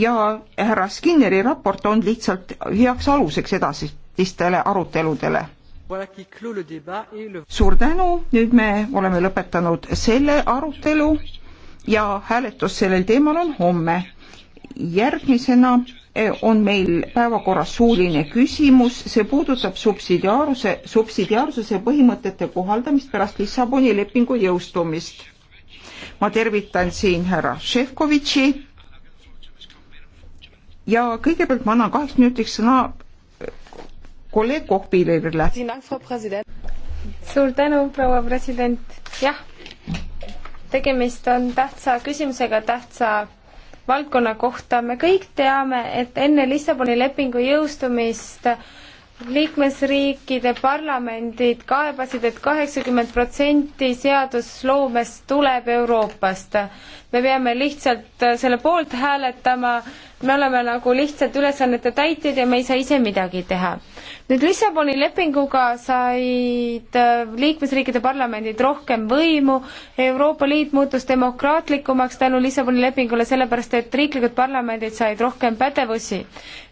ja härra Skinneri raport on lihtsalt heaks aluseks edasistele aruteludele. suur tänu, nüüd me oleme lõpetanud selle arutelu ja hääletus sellel teemal on homme. järgmisena eh, on meil päevakorras suuline küsimus, see puudutab subsidiaarsuse, subsidiaarsuse põhimõtete kohaldamist pärast Lissaboni lepingu jõustumist. ma tervitan siin härra Šefkovitši ja kõigepealt ma annan kaheks minutiks sõna eh, kolleeg Kohpilerile. suur tänu, proua president. jah, tegemist on tähtsa küsimusega, tähtsa valdkonna kohta. me kõik teame, et enne Lissaboni lepingu jõustumist liikmesriikide parlamendid kaebasid et, et kaheksakümmend protsenti seadusloomest tuleb Euroopast. me peame lihtsalt äh, selle poolt hääletama, me oleme nagu lihtsalt ülesannete täitjad ja me ei saa ise midagi teha. nüüd Lissaboni lepinguga said äh, liikmesriikide parlamendid rohkem võimu, Euroopa Liit muutus demokraatlikumaks tänu Lissaboni lepingule, sellepärast et riiklikud parlamendid said rohkem pädevusi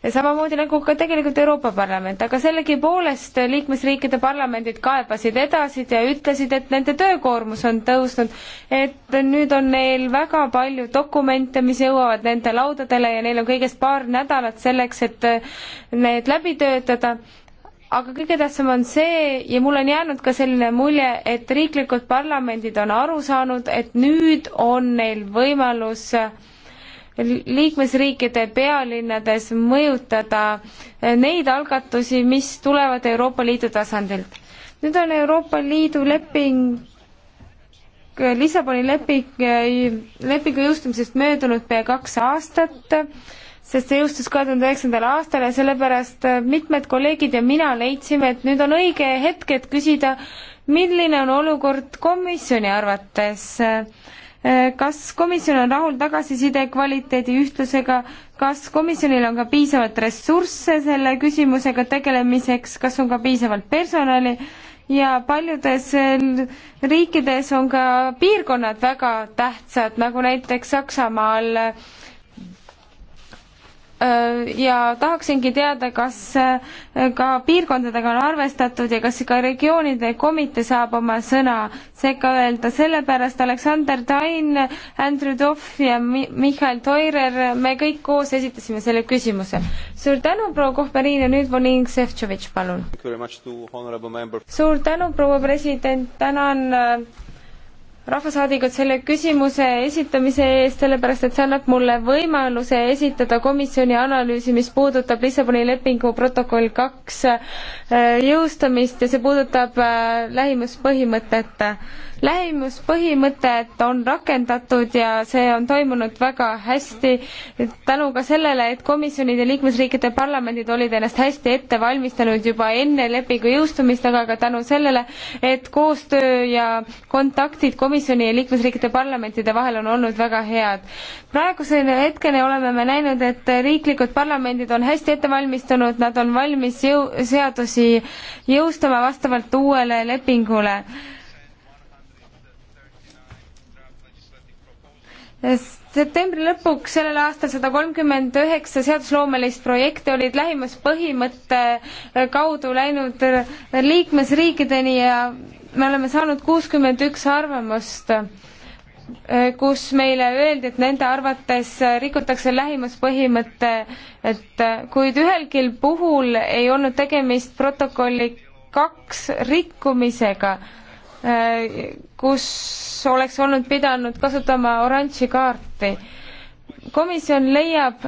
samamoodi nagu ka tegelikult Euroopa Parlament, aga sellegipoolest liikmesriikide parlamendid kaebasid edasi ja ütlesid, et nende töökoormus on tõusnud, et nüüd on neil väga palju dokumente, mis jõuavad nende laudadele ja neil on kõigest paar nädalat selleks, et need läbi töötada aga kõige tähtsam on see ja mul on jäänud ka selline mulje, et riiklikud parlamendid on aru saanud, et nüüd on neil võimalus äh, liikmesriikide pealinnades mõjutada neid algatusi, mis tulevad Euroopa Liidu tasandilt. nüüd on Euroopa Liidu leping Lissaboni leping, lepingu jõustumisest möödunud pea kaks aastat, sest see jõustus kahe tuhande üheksandal aastal ja sellepärast mitmed kolleegid ja mina leidsime, et nüüd on õige hetk, et küsida, milline on olukord komisjoni arvates äh, Eh, kas komisjon on rahul tagasiside kvaliteedi ühtlusega, kas komisjonil on ka piisavalt ressursse selle küsimusega tegelemiseks, kas on ka piisavalt personali ja paljudes eh, riikides on ka piirkonnad väga tähtsad, nagu näiteks Saksamaal äh, Äh, ja tahaksingi teada, kas äh, ka piirkondadega on arvestatud ja kas ka regioonide komitee saab oma sõna sekka öelda, sellepärast Aleksander Tain, Andrew Duff ja Michael Toirer, me kõik koos esitasime selle küsimuse. suur tänu, proua Kohverin ja nüüd volinik Šefčovitš, palun. suur tänu, proua president, tänan äh, rahvasaadikud selle küsimuse esitamise eest, sellepärast et see annab mulle võimaluse esitada komisjoni analüüsi, mis puudutab Lissaboni lepingu protokoll kaks äh, jõustamist ja see puudutab äh, lähimuspõhimõtet lähimuspõhimõtet on rakendatud ja see on toimunud väga hästi tänu ka sellele, et komisjonid ja liikmesriikide parlamendid olid ennast hästi ette valmistanud juba enne lepingu jõustumist, aga ka tänu sellele, et koostöö ja kontaktid komisjoni ja liikmesriikide parlamentide vahel on olnud väga head. praeguse hetkeni oleme me näinud, et riiklikud parlamendid on hästi ette valmistunud, nad on valmis jõu-, seadusi jõustama vastavalt uuele lepingule septembri lõpuks sellel aastal sada kolmkümmend üheksa seadusloomelist projekti olid lähimas põhimõtte kaudu läinud liikmesriikideni ja me oleme saanud kuuskümmend üks arvamust, kus meile öeldi, et nende arvates rikutakse lähimas põhimõte, et kuid ühelgi puhul ei olnud tegemist protokolli kaks rikkumisega kus oleks olnud pidanud kasutama oranži kaarti. komisjon leiab,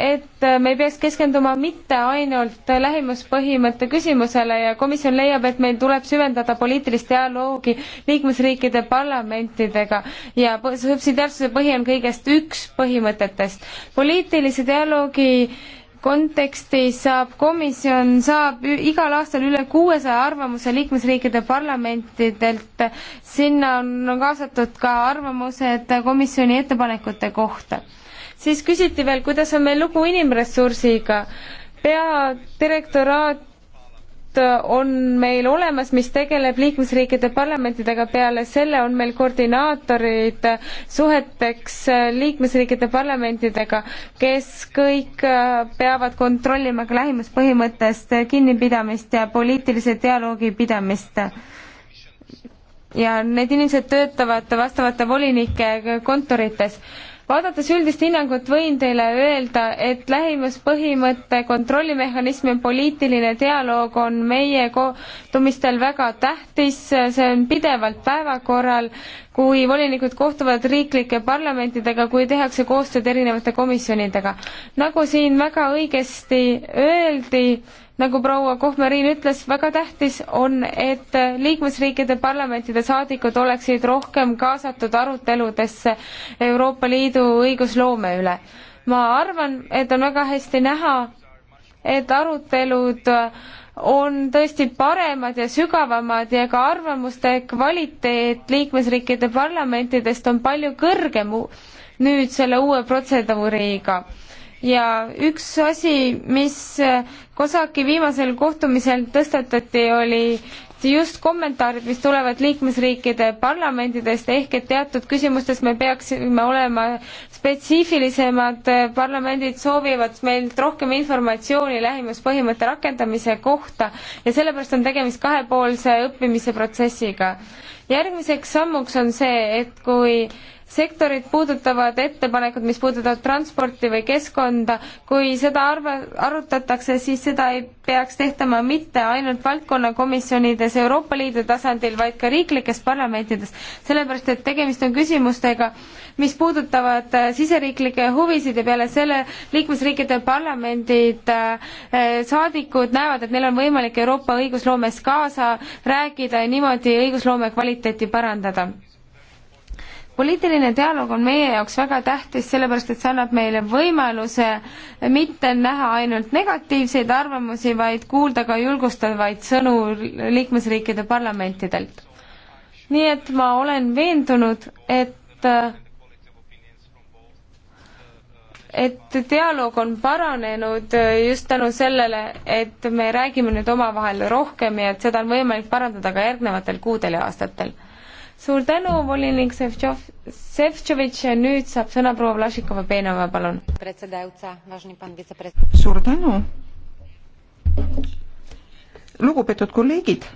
et me ei peaks keskenduma mitte ainult lähimuspõhimõtte küsimusele ja komisjon leiab, et meil tuleb süvendada poliitilist dialoogi liikmesriikide parlamentidega ja subsidiaarsuse põhi on kõigest üks põhimõtetest. poliitilise dialoogi äh, kontekstis saab komisjon, saab igal aastal üle kuuesaja arvamuse liikmesriikide parlamentidelt, sinna on, on kaasatud ka arvamused komisjoni ettepanekute kohta. siis küsiti veel, kuidas on meil lugu inimressursiga. peadirektoraat Äh, on meil olemas, mis tegeleb liikmesriikide parlamentidega, peale selle on meil koordinaatorid äh, suheteks äh, liikmesriikide parlamentidega, kes kõik peavad kontrollima ka lähimuspõhimõttest kinnipidamist ja poliitilise dialoogi pidamist ja need inimesed töötavad vastavate volinike kontorites vaadates üldist hinnangut, võin teile öelda, et lähimuspõhimõtte kontrollimehhanism ja poliitiline dialoog on meie kohtumistel väga tähtis, see on pidevalt päevakorral, kui volinikud kohtuvad riiklike parlamentidega, kui tehakse koostööd erinevate komisjonidega. nagu siin väga õigesti öeldi, nagu proua Kohmeriin ütles, väga tähtis on, et liikmesriikide parlamentide saadikud oleksid rohkem kaasatud aruteludesse Euroopa Liidu õigusloome üle. ma arvan, et on väga hästi näha, et arutelud on tõesti paremad ja sügavamad ja ka arvamuste kvaliteet liikmesriikide parlamentidest on palju kõrgem nüüd selle uue protseduuriga ja üks asi, mis COSAC-i äh, viimasel kohtumisel tõstatati, oli just kommentaarid, mis tulevad liikmesriikide parlamentidest, ehk et teatud küsimustes me peaksime olema spetsiifilisemad, parlamendid soovivad meilt rohkem informatsiooni lähimuspõhimõtte rakendamise kohta ja sellepärast on tegemist kahepoolse õppimise protsessiga järgmiseks sammuks on see, et kui sektorit puudutavad ettepanekud, mis puudutavad transporti või keskkonda, kui seda arva, arutatakse, siis seda ei peaks tehtama mitte ainult valdkonnakomisjonides Euroopa Liidu tasandil, vaid ka riiklikes parlamentides, sellepärast et tegemist on küsimustega, mis puudutavad äh, siseriiklikke huvisid ja peale selle liikmesriikide parlamendid, äh, äh, saadikud näevad, et neil on võimalik Euroopa õigusloomes kaasa rääkida ja niimoodi õigusloome kvaliteeti kvaliteeti parandada poliitiline dialoog on meie jaoks väga tähtis, sellepärast et see annab meile võimaluse mitte näha ainult negatiivseid arvamusi, vaid kuulda ka julgustavaid sõnu liikmesriikide parlamentidelt. nii et ma olen veendunud, et et dialoog on paranenud just tänu sellele, et me räägime nüüd omavahel rohkem ja et seda on võimalik parandada ka järgnevatel kuudel ja aastatel. suur tänu, volinik Sevtšov, Sevtšovitš ja nüüd saab sõna proua Vlašikova-Peenova, palun. suur tänu. lugupeetud kolleegid.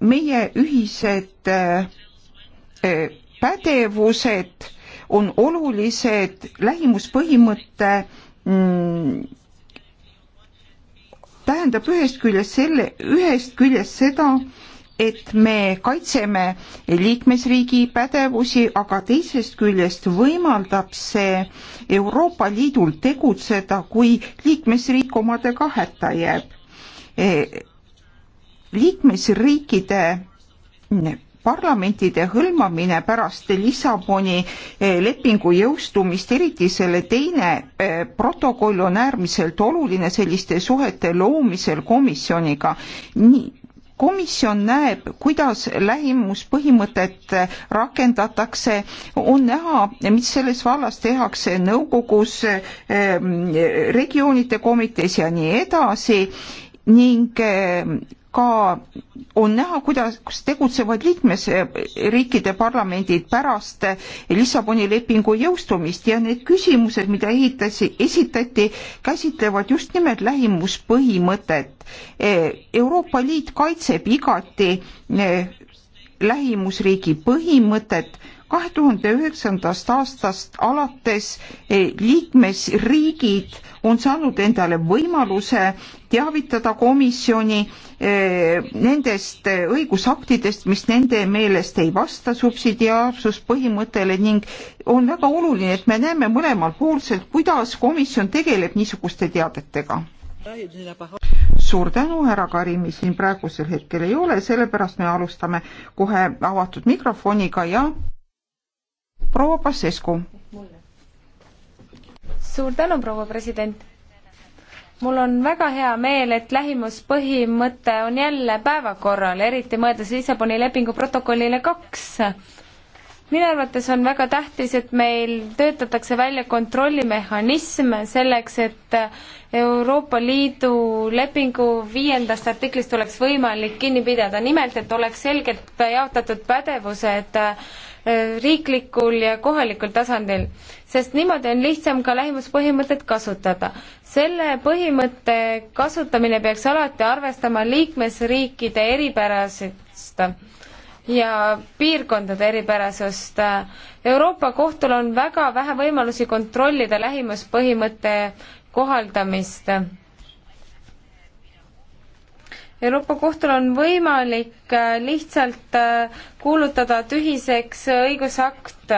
meie ühised äh, pädevused on olulised lähimuspõhimõtte mm, tähendab ühest küljest selle, ühest küljest seda, et me kaitseme liikmesriigi pädevusi, aga teisest küljest võimaldab see Euroopa Liidul tegutseda, kui liikmesriik omadega hätta jääb. Eh, liikmesriikide parlamentide hõlmamine pärast Lissaboni eh, lepingu jõustumist, eriti selle teine eh, protokoll on äärmiselt oluline selliste suhete loomisel komisjoniga. nii, komisjon näeb, kuidas lähimuspõhimõtet eh, rakendatakse, on näha, mis selles vallas tehakse nõukogus, regioonide komitees ja nii edasi ning ka on näha, kuidas tegutsevad liikmesriikide parlamendid pärast Lissaboni lepingu jõustumist ja need küsimused, mida ehitasi, esitati, käsitlevad just nimelt lähimuspõhimõtet. Euroopa Liit kaitseb igati eh, lähimusriigi põhimõtet kahe tuhande üheksandast aastast alates eh, liikmesriigid on saanud endale võimaluse teavitada komisjoni eh, nendest eh, õigusaktidest, mis nende meelest ei vasta subsidiaarsuspõhimõttele ning on väga oluline, et me näeme mõlemal poolselt, kuidas komisjon tegeleb niisuguste teadetega suur tänu, härra Karimi siin praegusel hetkel ei ole, sellepärast me alustame kohe avatud mikrofoniga ja proua Passescu. suur tänu, proua president mul on väga hea meel, et lähimuspõhimõte on jälle päevakorral, eriti mõeldes Lissaboni lepingu protokollile kaks. minu arvates on väga tähtis, et meil töötatakse välja kontrollimehhanism selleks, et Euroopa Liidu lepingu viiendast artiklist oleks võimalik kinni pidada, nimelt et oleks selgelt jaotatud pädevused Äh, riiklikul ja kohalikul tasandil, sest niimoodi on lihtsam ka lähimuspõhimõtet kasutada. selle põhimõtte kasutamine peaks alati arvestama liikmesriikide eripärasust ja piirkondade eripärasust. Euroopa Kohtul on väga vähe võimalusi kontrollida lähimuspõhimõtte kohaldamist Euroopa Kohtul on võimalik äh, lihtsalt äh, kuulutada tühiseks õigusakt.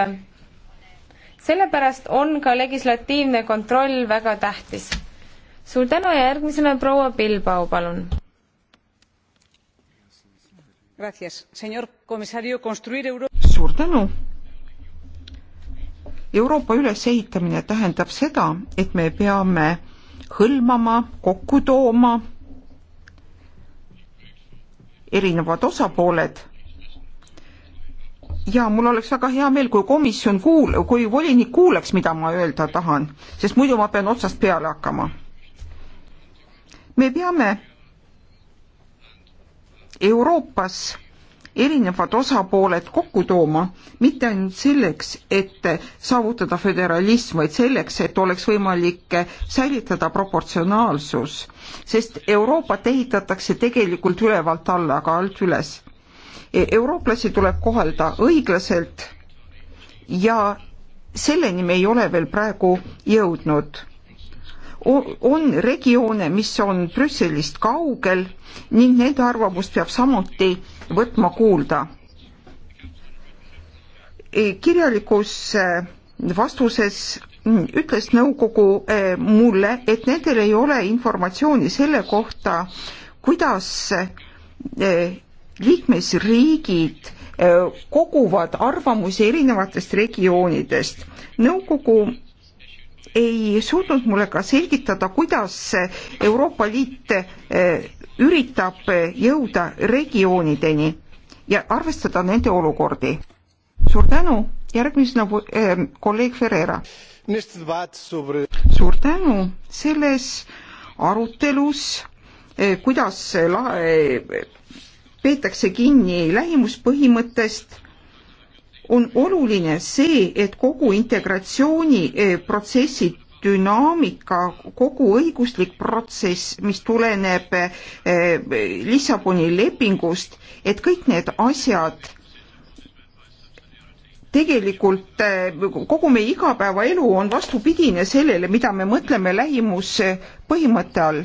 sellepärast on ka legislatiivne kontroll väga tähtis. suur tänu ja järgmisena proua Bilbao, palun. suur tänu. Euroopa ülesehitamine tähendab seda, et me peame hõlmama, kokku tooma erinevad osapooled ja mul oleks väga hea meel, kui komisjon kuul-, kui volinik kuulaks, mida ma öelda tahan, sest muidu ma pean otsast peale hakkama. me peame Euroopas erinevad osapooled kokku tooma, mitte ainult selleks, et saavutada föderalism, vaid selleks, et oleks võimalik säilitada proportsionaalsus. sest Euroopat ehitatakse tegelikult ülevalt alla, aga alt üles. E, eurooplasi tuleb kohelda õiglaselt ja selleni me ei ole veel praegu jõudnud on regioone, mis on Brüsselist kaugel ning nende arvamust peab samuti võtma kuulda. E, kirjalikus e, vastuses mm, ütles nõukogu e, mulle, et nendel ei ole informatsiooni selle kohta, kuidas liikmesriigid koguvad arvamusi erinevatest regioonidest. nõukogu ei suutnud mulle ka selgitada, kuidas Euroopa Liit üritab jõuda regioonideni ja arvestada nende olukordi. suur tänu, järgmisena nagu, äh, kolleeg Ferreira. Sobre... suur tänu, selles arutelus äh,, kuidas la- äh,, peetakse kinni lähimuspõhimõttest, on oluline see, et kogu integratsiooniprotsessid äh, dünaamika, kogu õiguslik protsess, mis tuleneb eh, Lissaboni lepingust, et kõik need asjad tegelikult eh, kogu meie igapäevaelu on vastupidine sellele, mida me mõtleme lähimuspõhimõtte eh, all.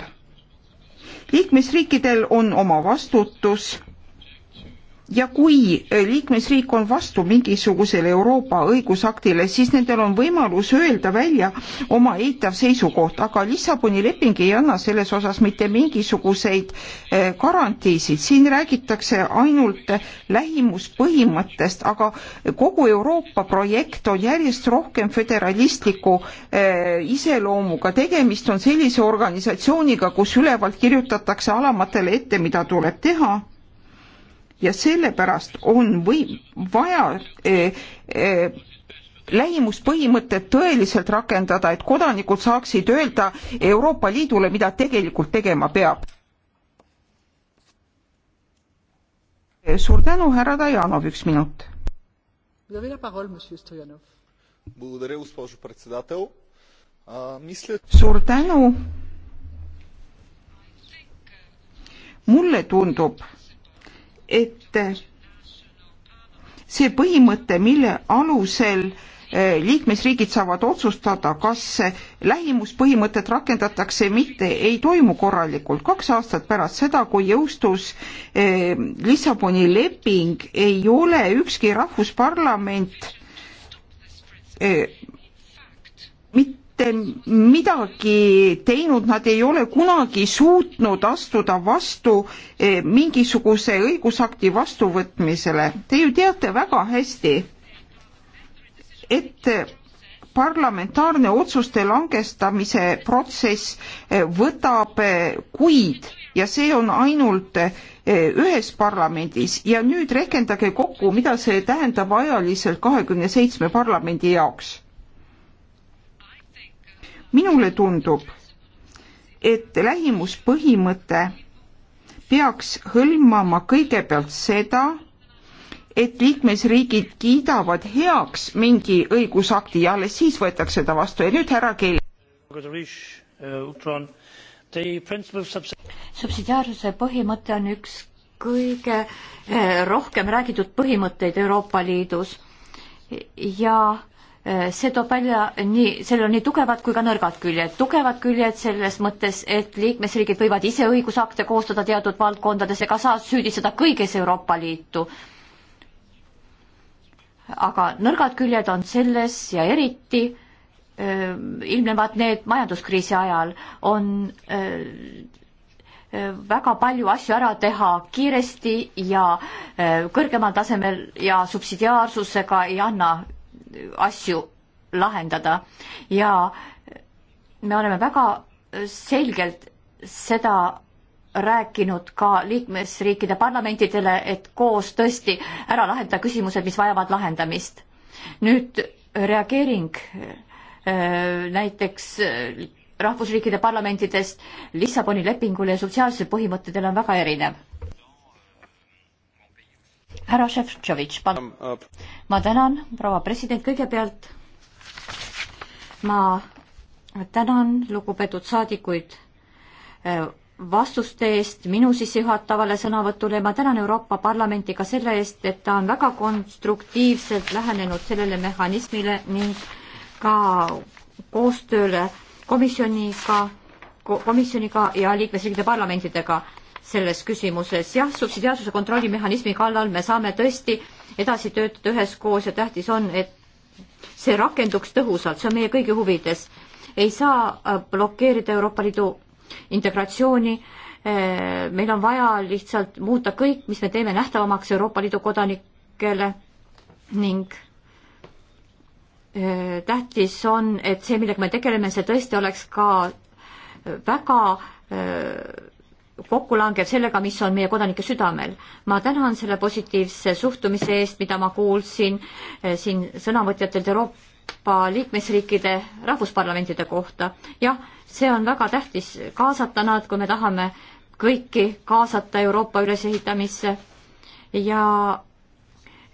liikmesriikidel on oma vastutus ja kui äh, liikmesriik on vastu mingisugusele Euroopa õigusaktile, siis nendel on võimalus öelda välja oma eitav seisukoht, aga Lissaboni leping ei anna selles osas mitte mingisuguseid äh, garantiisid, siin räägitakse ainult äh, lähimuspõhimõttest, aga kogu Euroopa projekt on järjest rohkem föderalistliku iseloomuga, tegemist on sellise organisatsiooniga, kus ülevalt kirjutatakse alamatele ette, mida tuleb teha ja sellepärast on või vaja eh, eh, lähimuspõhimõtet tõeliselt rakendada, et kodanikud saaksid öelda Euroopa Liidule, mida tegelikult tegema peab. suur tänu, härra Dajanov, üks minut. suur tänu. mulle tundub, et see põhimõte, mille alusel eh, liikmesriigid saavad otsustada, kas lähimuspõhimõtet rakendatakse, mitte ei toimu korralikult. kaks aastat pärast seda, kui jõustus eh, Lissaboni leping, ei ole ükski rahvusparlament eh, mit, midagi teinud, nad ei ole kunagi suutnud astuda vastu eh, mingisuguse õigusakti vastuvõtmisele. Te ju teate väga hästi, et parlamentaarne otsuste langestamise protsess eh, võtab eh, kuid ja see on ainult ühes parlamendis ja nüüd rehkendage kokku, mida see tähendab ajaliselt kahekümne seitsme parlamendi jaoks minule tundub, et lähimuspõhimõte peaks hõlmama kõigepealt seda, et liikmesriigid kiidavad heaks mingi õigusakti ja alles siis võetakse ta vastu ja nüüd härra Keil. subsidiaarsuse põhimõte on üks kõige eh, rohkem räägitud põhimõtteid Euroopa Liidus ja Eh, seda palju nii, sellel on nii tugevad kui ka nõrgad küljed. tugevad küljed selles mõttes, et liikmesriigid võivad ise õigusakte koostada teatud valdkondades ega saa süüdistada kõiges Euroopa Liitu. aga nõrgad küljed on selles ja eriti öö, eh, ilmnevad need majanduskriisi ajal, on öö, eh, väga palju asju ära teha kiiresti ja kõrgemal tasemel ja subsidiaarsusega ei anna asju lahendada ja me oleme väga selgelt seda rääkinud ka liikmesriikide parlamentidele, et koos tõesti ära lahendada küsimused, mis vajavad lahendamist. nüüd reageering äh, näiteks äh, rahvusriikide parlamentidest Lissaboni lepingule ja sotsiaalsetele põhimõtetele on väga erinev härra Šefčovitš, palun. Äh, ma tänan, proua president, kõigepealt ma tänan lugupeetud saadikuid äh, vastuste eest minu sissejuhatavale sõnavõtule ja ma tänan Euroopa Parlamenti ka selle eest, et ta on väga konstruktiivselt lähenenud sellele mehhanismile ning ka koostööle komisjoniga, komisjoniga ja liikmesriikide parlamentidega selles küsimuses. jah, subsidiaarsuse kontrollimehhanismi kallal me saame tõesti edasi töötada üheskoos ja tähtis on, et see rakenduks tõhusalt, see on meie kõigi huvides. ei saa äh, blokeerida Euroopa Liidu integratsiooni, äh, meil on vaja lihtsalt muuta kõik, mis me teeme nähtavamaks Euroopa Liidu kodanikele ning äh, tähtis on, et see, millega me tegeleme, see tõesti oleks ka väga kokku langeb sellega, mis on meie kodanike südamel. ma tänan selle positiivse suhtumise eest, mida ma kuulsin eh, siin sõnavõtjatelt Euroopa liikmesriikide rahvusparlamentide kohta. jah, see on väga tähtis, kaasata nad, kui me tahame kõiki kaasata Euroopa ülesehitamisse ja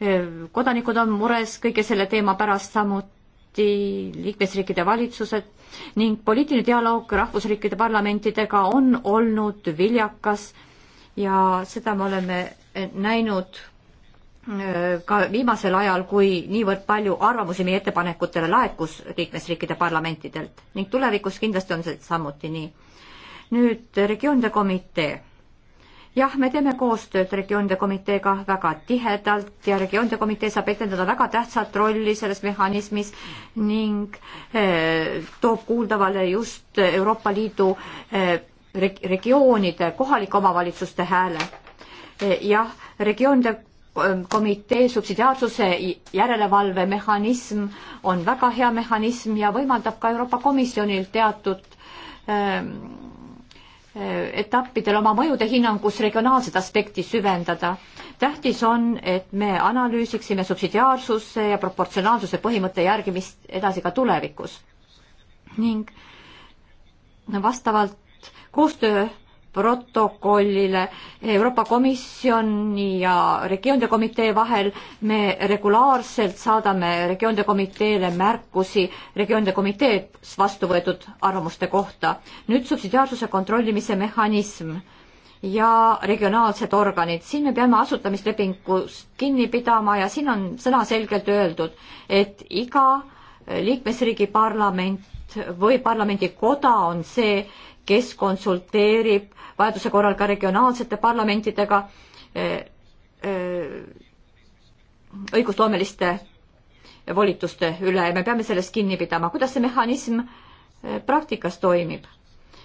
eh, kodanikud on mures kõige selle teema pärast samuti samuti liikmesriikide valitsused ning poliitiline dialoog rahvusriikide parlamentidega on olnud viljakas ja seda me oleme näinud äh, ka viimasel ajal, kui niivõrd palju arvamusi meie ettepanekutele laekus liikmesriikide parlamentidelt ning tulevikus kindlasti on see samuti nii. nüüd regioonide komitee jah, me teeme koostööd regioonide komiteega väga tihedalt ja regioonide komitee saab etendada väga tähtsat rolli selles mehhanismis ning eh, toob kuuldavale just Euroopa Liidu eh, regioonide, kohalike omavalitsuste hääle eh,. jah, regioonide eh, komitee subsidiaarsuse järelevalvemehhanism on väga hea mehhanism ja võimaldab ka Euroopa Komisjonil teatud eh, etappidel oma mõjude hinnangus regionaalset aspekti süvendada. tähtis on, et me analüüsiksime subsidiaarsuse ja proportsionaalsuse põhimõtte järgimist edasi ka tulevikus. ning vastavalt koostöö protokollile Euroopa Komisjoni ja regioonide komitee vahel. me regulaarselt saadame regioonide komiteele märkusi regioonide komitees vastu võetud arvamuste kohta. nüüd subsidiaarsuse kontrollimise mehhanism ja regionaalsed organid. siin me peame asutamislepingust kinni pidama ja siin on sõnaselgelt öeldud, et iga liikmesriigi parlament või parlamendikoda on see, kes konsulteerib vajaduse korral ka regionaalsete parlamentidega eh, eh, õigusloomeliste volituste üle ja me peame sellest kinni pidama. kuidas see mehhanism eh, praktikas toimib?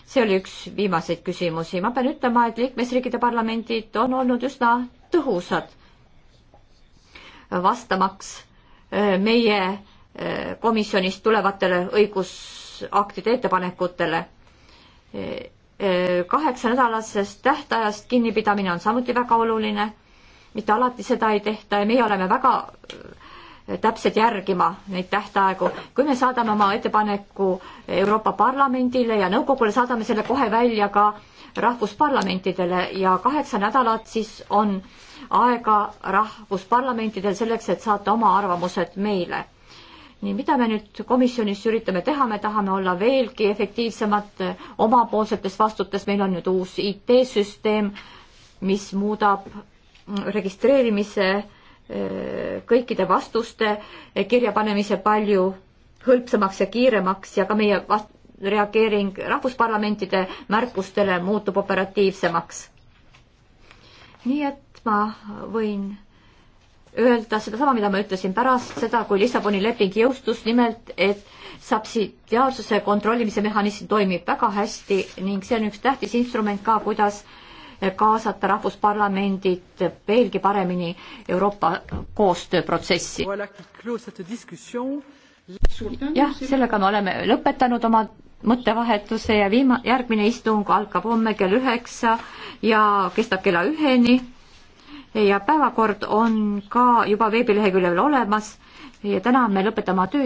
see oli üks viimaseid küsimusi. ma pean ütlema, et liikmesriikide parlamendid on olnud üsna tõhusad vastamaks meie komisjonist tulevatele õigusaktide ettepanekutele. kaheksanädalasest tähtajast kinnipidamine on samuti väga oluline, mitte alati seda ei tehta ja meie oleme väga täpselt järgima neid tähtaegu. kui me saadame oma ettepaneku Euroopa Parlamendile ja nõukogule, saadame selle kohe välja ka rahvusparlamentidele ja kaheksa nädalat siis on aega rahvusparlamentidel selleks, et saata oma arvamused meile nii, mida me nüüd komisjonis üritame teha, me tahame olla veelgi efektiivsemad omapoolsetes vastutes, meil on nüüd uus IT-süsteem, mis muudab registreerimise eh, kõikide vastuste eh, kirjapanemise palju hõlpsamaks ja kiiremaks ja ka meie vast-, reageering rahvusparlamentide märkustele muutub operatiivsemaks. nii et ma võin öelda sedasama, mida ma ütlesin pärast seda, kui Lissaboni leping jõustus, nimelt et subsidiaarsuse kontrollimise mehhanism toimib väga hästi ning see on üks tähtis instrument ka, kuidas kaasata rahvusparlamendid veelgi paremini Euroopa koostööprotsessi. jah, sellega me oleme lõpetanud oma mõttevahetuse ja viima-, järgmine istung algab homme kell üheksa ja kestab kella üheni ja päevakord on ka juba veebileheküljel olemas ja täna me lõpetame töö.